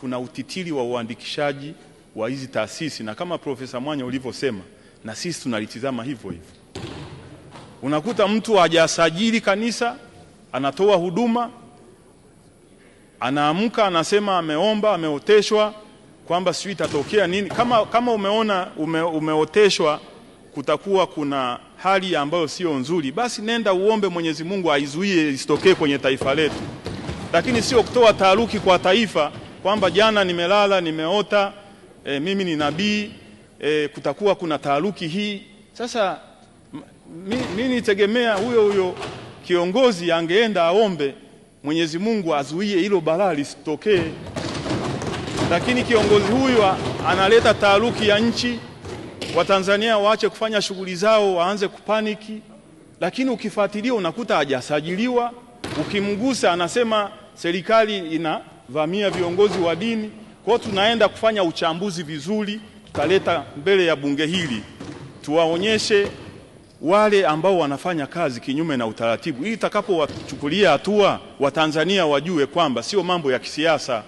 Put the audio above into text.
kuna utitili wa uandikishaji wa hizi taasisi, na kama Profesa Mwanya ulivyosema, na sisi tunalitizama hivyo hivyo. Unakuta mtu hajasajili kanisa, anatoa huduma, anaamka anasema ameomba, ameoteshwa kwamba sijui itatokea nini. Kama, kama umeona ume, umeoteshwa kutakuwa kuna hali ambayo sio nzuri, basi nenda uombe Mwenyezi Mungu aizuie isitokee kwenye taifa letu, lakini sio kutoa taharuki kwa taifa kwamba jana nimelala nimeota e, mimi ni nabii e, kutakuwa kuna taaruki hii. Sasa mimi nitegemea huyo huyo kiongozi angeenda aombe Mwenyezi Mungu azuie hilo balaa lisitokee, lakini kiongozi huyo analeta taaruki ya nchi, Watanzania waache kufanya shughuli zao, waanze kupaniki. Lakini ukifuatilia unakuta hajasajiliwa, ukimgusa anasema serikali ina vamia viongozi wa dini. Kwa hiyo tunaenda kufanya uchambuzi vizuri, tutaleta mbele ya bunge hili, tuwaonyeshe wale ambao wanafanya kazi kinyume na utaratibu, ili itakapowachukulia hatua Watanzania wajue kwamba sio mambo ya kisiasa.